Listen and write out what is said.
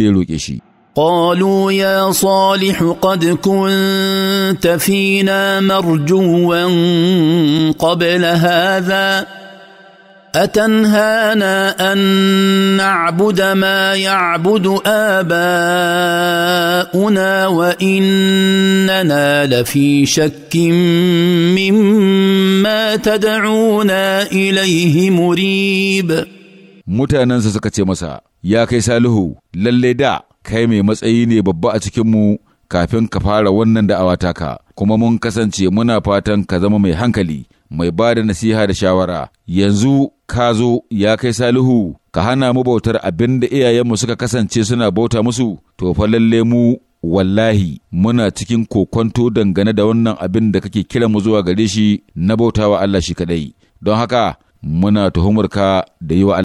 قالوا يا صالح قد كنت فينا مرجوا قبل هذا اتنهانا ان نعبد ما يعبد اباؤنا واننا لفي شك مما تدعونا اليه مريب متى ننسى سكتي مساء ya kai Salihu, lalle da kai mai matsayi ne babba a cikinmu kafin ka fara wannan da'awa ka kuma mun kasance muna fatan ka zama mai hankali, mai ba da nasiha da shawara. Yanzu ka zo ya kai Salihu, ka hana mu bautar abin da iyayenmu suka kasance suna bauta musu, to fa lalle mu wallahi muna cikin kokonto dangane da wannan abin da kake kira mu zuwa gare shi na bautawa Allah shi kadai. Don haka muna tuhumarka da yi wa